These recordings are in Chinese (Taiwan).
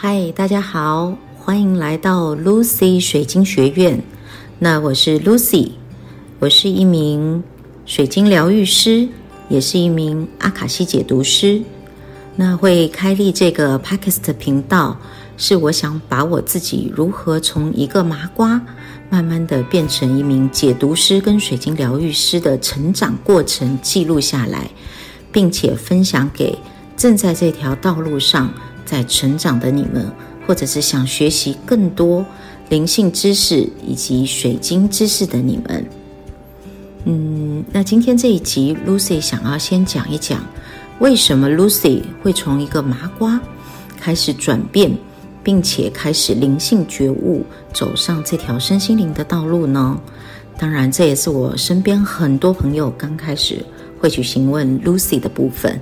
嗨，Hi, 大家好，歡迎來到 Lucy 水晶學院。那我是 Lucy，我是一名水晶療癒師，也是一名阿卡西解讀師。那會開立這個 Podcast 頻道，是我想把我自己如何從一個麻瓜，慢慢的變成一名解讀師跟水晶療癒師的成長過程記錄下來，並且分享給正在這條道路上，在成長的你們，或者是想學習更多靈性知識以及水晶知識的你們，嗯，那今天這一集，Lucy 想要先講一講，為什麼 Lucy 會從一個麻瓜開始轉變，並且開始靈性覺悟，走上這條身心靈的道路呢？當然，這也是我身邊很多朋友剛開始會去詢問 Lucy 的部分。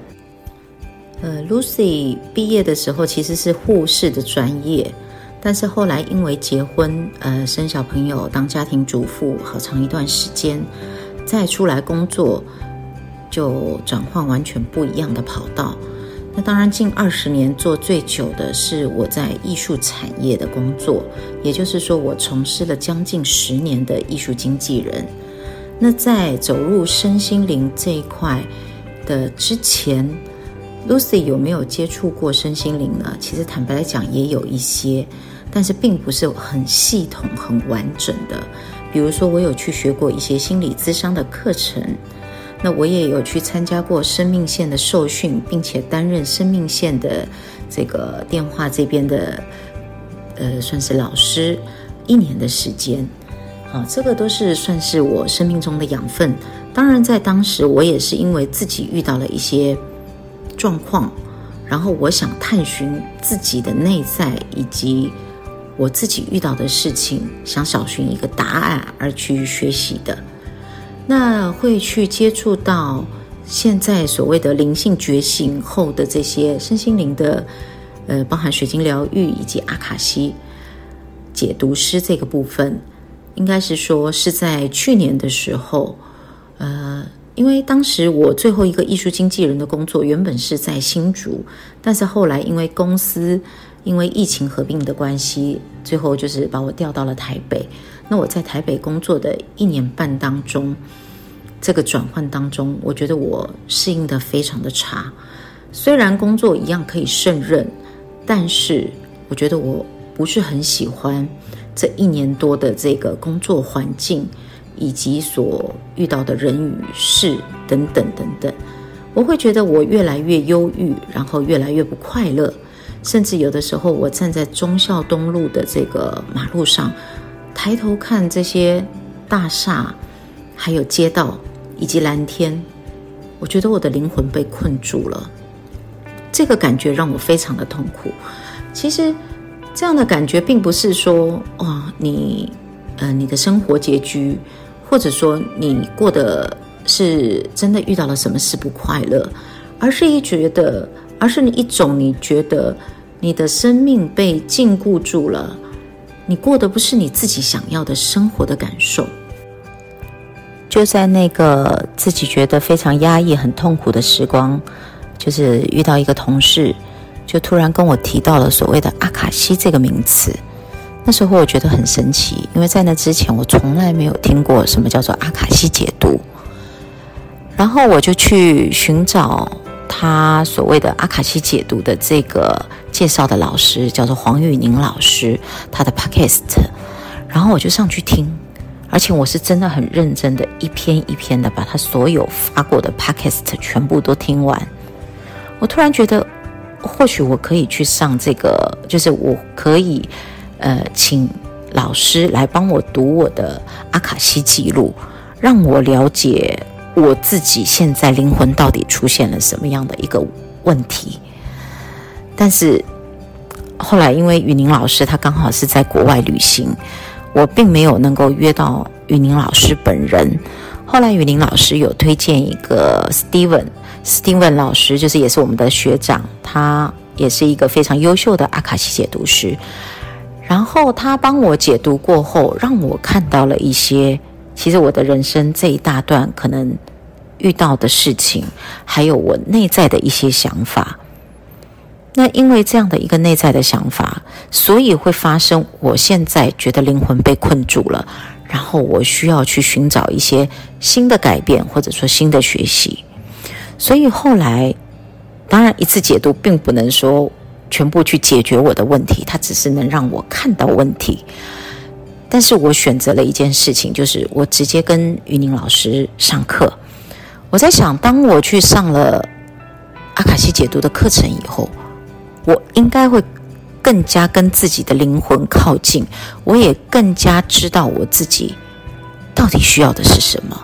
呃，Lucy 畢業的時候其實是護士的專業，但是後來因為結婚、呃，生小朋友、當家庭主婦好長一段時間，再出來工作就轉換完全不一樣的跑道。那當然，近二十年做最久的是我在藝術產業的工作，也就是說，我從事了將近十年的藝術經紀人。那在走入身心靈這一塊的之前。Lucy 有沒有接觸過身心靈呢？其實坦白來講也有一些，但是並不是很系統、很完整的。比如說，我有去學過一些心理諮商的課程，那我也有去參加過生命線的受訓，並且擔任生命線的這個電話這邊的呃，算是老師一年的時間。啊，這個都是算是我生命中的養分。當然，在當時我也是因為自己遇到了一些。狀況，然後我想探尋自己的內在，以及我自己遇到的事情，想找尋一個答案而去學習的。那會去接觸到現在所謂的靈性覺醒後的這些身心靈的，呃，包含水晶療癒以及阿卡西解讀師這個部分，應該是說是在去年的時候，呃。因為當時我最後一個藝術經紀人的工作原本是在新竹，但是後來因為公司因為疫情合併的關係，最後就是把我調到了台北。那我在台北工作的一年半當中，這個轉換當中，我覺得我適應得非常的差。雖然工作一樣可以勝任，但是我覺得我不是很喜歡這一年多的這個工作環境，以及所遇到的人與事等等等等，我會覺得我越來越憂鬱，然後越來越不快樂，甚至有的時候我站在忠孝東路的這個馬路上，抬頭看這些大廈，還有街道以及藍天，我覺得我的靈魂被困住了，這個感覺讓我非常的痛苦。其實，這樣的感覺並不是說哇、哦、你呃你的生活拮據。或者說，你過的是真的遇到了什麼事不快樂，而是一覺得，而是你一種你覺得你的生命被禁錮住了，你過的不是你自己想要的生活的感受。就在那個自己覺得非常壓抑、很痛苦的時光，就是遇到一個同事，就突然跟我提到了所謂的阿卡西這個名詞。那時候我覺得很神奇，因為在那之前我從來沒有聽過什麼叫做阿卡西解讀，然後我就去尋找他所謂的阿卡西解讀的這個介紹的老師，叫做黃玉寧老師，他的 podcast，然後我就上去聽，而且我是真的很認真的一篇一篇的把他所有發過的 podcast 全部都聽完，我突然覺得或許我可以去上這個，就是我可以。呃，請老師來幫我讀我的阿卡西記錄，讓我了解我自己現在靈魂到底出現了什麼樣的一個問題。但是後來，因為雨寧老師他剛好是在國外旅行，我並沒有能夠約到雨寧老師本人。後來，雨寧老師有推薦一個 Steven，Steven 老師，就是也是我們的學長，他也是一個非常優秀的阿卡西解讀師。然後他幫我解讀過後，讓我看到了一些，其實我的人生這一大段可能遇到的事情，還有我內在的一些想法。那因為這樣的一個內在的想法，所以會發生我現在覺得靈魂被困住了，然後我需要去尋找一些新的改變，或者說新的學習。所以後來，當然一次解讀並不能說全部去解決我的問題，他只是能讓我看到問題。但是我選擇了一件事情，就是我直接跟於寧老師上課。我在想，當我去上了阿卡西解讀的課程以後，我應該會更加跟自己的靈魂靠近，我也更加知道我自己到底需要的是什麼。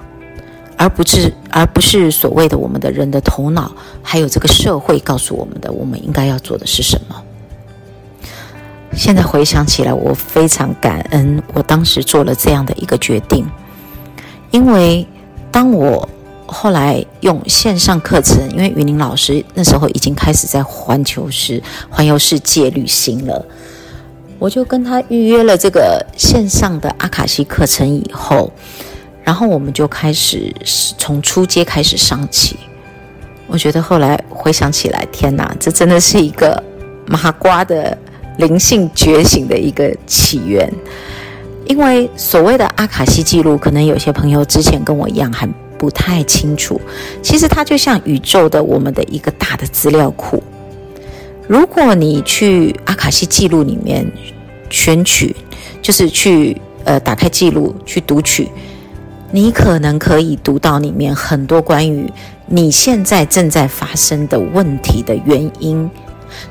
而不是，而不是所謂的我們的人的頭腦，還有這個社會告訴我們的，我們應該要做的是什麼？現在回想起來，我非常感恩我當時做了這樣的一個決定，因為當我後來用線上課程，因為云林老師那時候已經開始在環球時環遊世界旅行了，我就跟他預約了這個線上的阿卡西課程以後。然後我們就開始從初階開始上起。我覺得後來回想起來，天哪，這真的是一個麻瓜的靈性覺醒的一個起源。因為所謂的阿卡西記錄，可能有些朋友之前跟我一樣還不太清楚。其實它就像宇宙的我們的一個大的資料庫。如果你去阿卡西記錄裡面選取，就是去呃打開記錄去讀取，你可能可以讀到裡面很多關於你現在正在發生的問題的原因，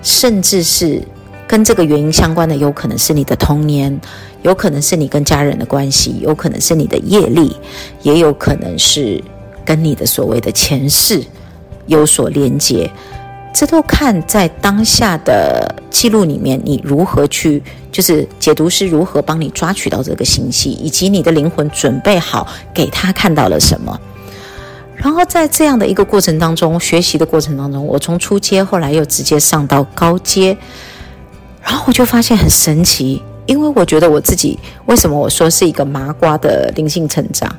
甚至是跟這個原因相關的，有可能是你的童年，有可能是你跟家人的關係，有可能是你的業力，也有可能是跟你的所謂的前世有所連接。這都看在當下的記錄裡面，你如何去就是解讀師，如何幫你抓取到這個信息，以及你的靈魂準備好給他看到了什麼。然後在這樣的一個過程當中，學習的過程當中，我從初階後來又直接上到高階，然後我就發現很神奇，因為我覺得我自己為什麼我說是一個麻瓜的靈性成長，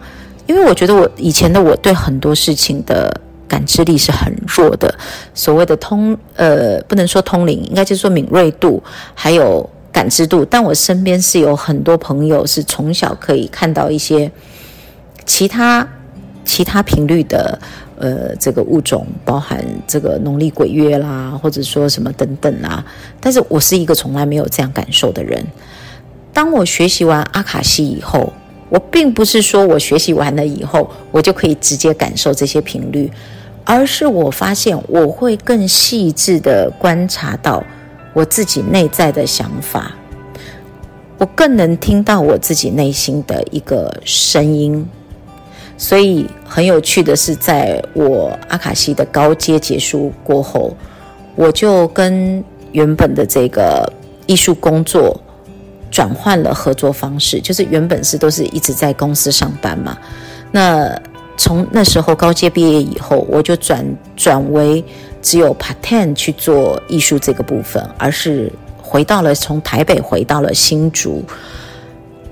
因為我覺得我以前的我對很多事情的。感知力是很弱的，所謂的通呃不能說通靈，應該就是說敏銳度還有感知度。但我身邊是有很多朋友是從小可以看到一些其他其他頻率的呃這個物種，包含這個農曆鬼月啦，或者說什麼等等啦啊。但是我是一個從來沒有這樣感受的人。當我學習完阿卡西以後，我並不是說我學習完了以後，我就可以直接感受這些頻率。而是我發現，我會更細緻地觀察到我自己內在的想法，我更能聽到我自己內心的一個聲音。所以很有趣的是，在我阿卡西的高階結束過後，我就跟原本的這個藝術工作轉換了合作方式，就是原本是都是一直在公司上班嘛，那。從那時候高階畢業以後，我就轉轉為只有 part time 去做藝術這個部分，而是回到了從台北回到了新竹，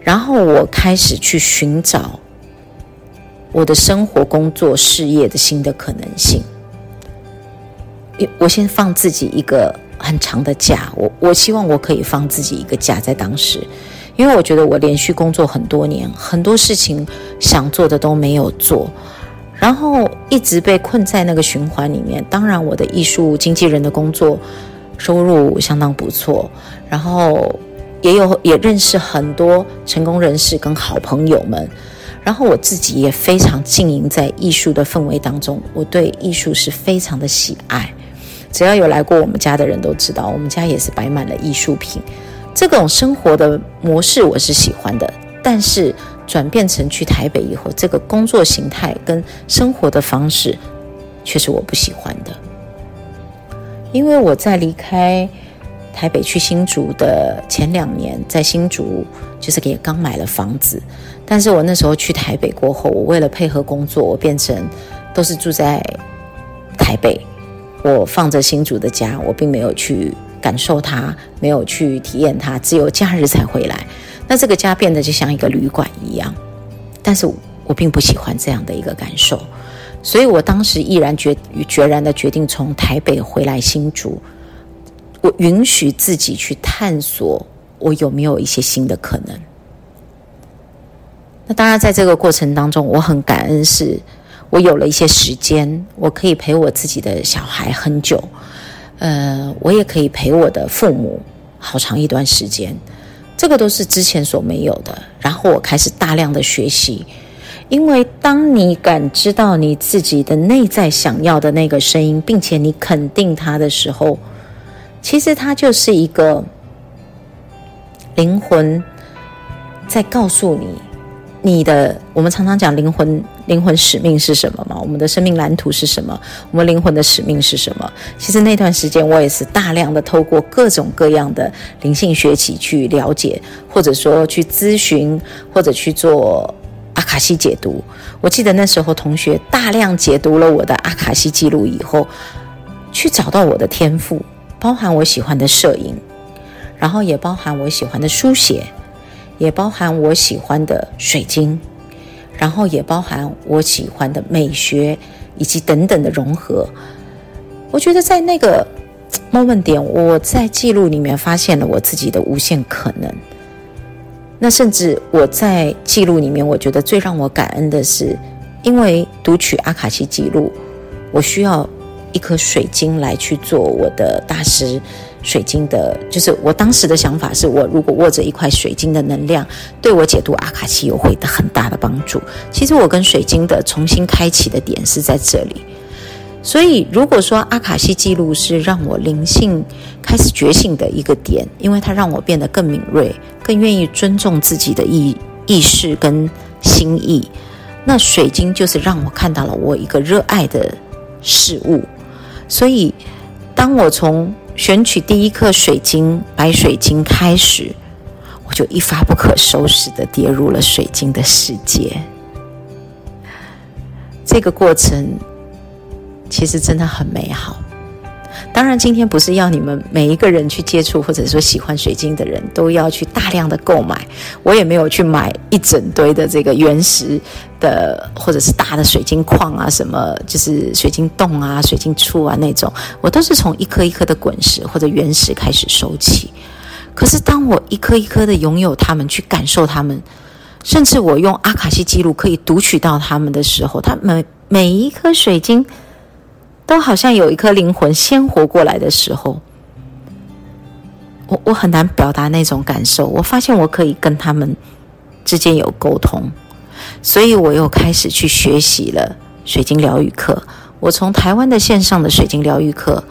然後我開始去尋找我的生活、工作、事業的新的可能性。我先放自己一個很長的假，我我希望我可以放自己一個假，在當時。因為我覺得我連續工作很多年，很多事情想做的都沒有做，然後一直被困在那個循環裡面。當然，我的藝術經紀人的工作收入相當不錯，然後也有也認識很多成功人士跟好朋友們，然後我自己也非常浸淫在藝術的氛圍當中。我對藝術是非常的喜愛，只要有來過我們家的人都知道，我們家也是擺滿了藝術品。這種生活的模式我是喜歡的，但是轉變成去台北以後，這個工作形態跟生活的方式，卻是我不喜歡的。因為我在離開台北去新竹的前兩年，在新竹就是給剛買了房子，但是我那時候去台北過後，我為了配合工作，我變成都是住在台北，我放着新竹的家，我並沒有去，感受它，沒有去體驗它，只有假日才回來。那這個家變得就像一個旅館一樣，但是我並不喜歡這樣的一個感受，所以我當時毅然決決然的決定從台北回來新竹。我允許自己去探索，我有沒有一些新的可能？那當然，在這個過程當中，我很感恩，是我有了一些時間，我可以陪我自己的小孩很久。呃，我也可以陪我的父母好長一段時間，這個都是之前所沒有的。然後我開始大量的學習，因為當你感知到你自己的內在想要的那個聲音，並且你肯定它的時候，其實它就是一個靈魂在告訴你，你的我們常常講靈魂。靈魂使命是什麼嗎？我們的生命藍圖是什麼？我們靈魂的使命是什麼？其實那段時間我也是大量的透過各種各樣的靈性學習去了解，或者說去諮詢，或者去做阿卡西解讀。我記得那時候同學大量解讀了我的阿卡西記錄以後，去找到我的天賦，包含我喜歡的攝影，然後也包含我喜歡的書寫，也包含我喜歡的水晶。然後也包含我喜歡的美學，以及等等的融合。我覺得在那個 moment 點，我在記錄裡面發現了我自己的無限可能。那甚至我在記錄裡面，我覺得最讓我感恩的是，因為讀取阿卡西記錄，我需要一顆水晶來去做我的大師。水晶的，就是我當時的想法是：我如果握着一塊水晶的能量，對我解讀阿卡西有會很大的幫助。其實我跟水晶的重新開啟的點是在這裡。所以，如果說阿卡西記錄是讓我靈性開始覺醒的一個點，因為它讓我變得更敏銳，更願意尊重自己的意、意識跟心意。那水晶就是讓我看到了我一個熱愛的事物。所以，當我從選取第一顆水晶，白水晶開始，我就一發不可收拾的跌入了水晶的世界。這個過程，其實真的很美好。當然，今天不是要你們每一個人去接觸，或者說喜歡水晶的人都要去大量的購買。我也沒有去買一整堆的這個原石的，或者是大的水晶礦啊，什麼就是水晶洞啊、水晶簇啊那種。我都是從一顆一顆的滾石或者原石開始收起。可是，當我一顆一顆的擁有它們，去感受它們，甚至我用阿卡西記錄可以讀取到它們的時候，它每，它們每一顆水晶。都好像有一顆靈魂鮮活過來的時候，我我很難表達那種感受。我發現我可以跟他們之間有溝通，所以我又開始去學習了水晶療癒課。我從台灣的線上的水晶療癒課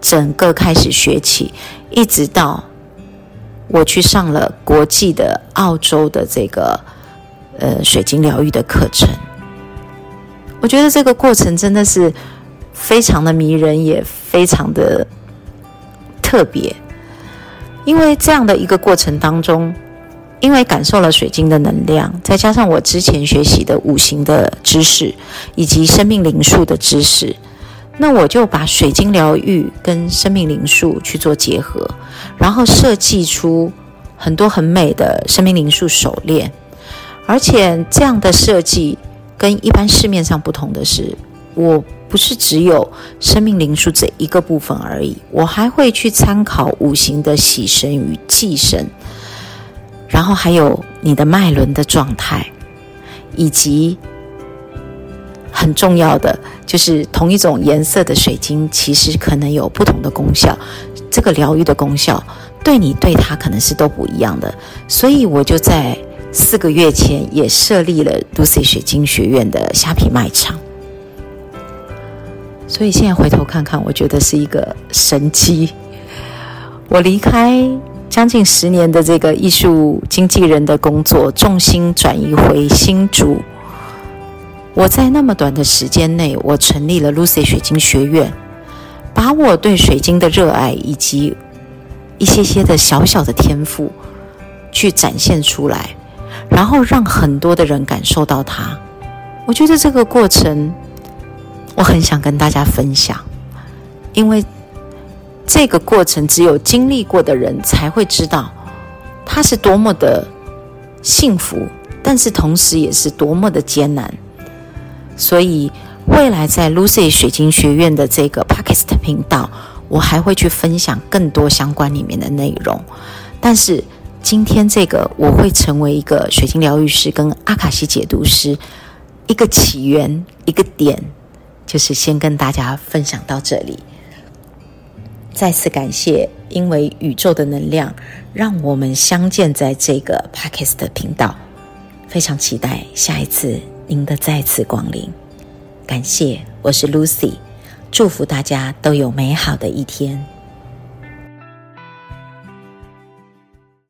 整個開始學起，一直到我去上了國際的澳洲的這個呃水晶療癒的課程。我覺得這個過程真的是。非常的迷人，也非常的特別。因為這樣的一個過程當中，因為感受了水晶的能量，再加上我之前學習的五行的知識以及生命靈數的知識，那我就把水晶療癒跟生命靈數去做結合，然後設計出很多很美的生命靈數手鏈。而且這樣的設計跟一般市面上不同的是，我不是只有生命靈數這一個部分而已，我還會去參考五行的喜神與忌神，然後還有你的脈輪的狀態，以及很重要的就是同一種顏色的水晶，其實可能有不同的功效。這個療癒的功效對你對它可能是都不一樣的，所以我就在四個月前也設立了 Lucy 水晶學院的蝦皮賣場。所以現在回頭看看，我覺得是一個神蹟。我離開將近十年的這個藝術經紀人的工作，重心轉移回新竹。我在那麼短的時間內，我成立了 Lucy 水晶學院，把我對水晶的熱愛以及一些些的小小的天賦去展現出來，然後讓很多的人感受到它。我覺得這個過程，我很想跟大家分享，因為這個過程只有經歷過的人才會知道它是多麼的幸福，但是同時也是多麼的艱難。所以未來在 Lucy 水晶學院的這個 Podcast 頻道，我還會去分享更多相關裡面的內容。但是今天這個，我會成為一個水晶療癒師跟阿卡西解讀師一個起源一個點。就是先跟大家分享到這裡，再次感謝，因為宇宙的能量讓我們相見在這個 Podcast 的頻道，非常期待下一次您的再次光臨，感謝，我是 Lucy，祝福大家都有美好的一天。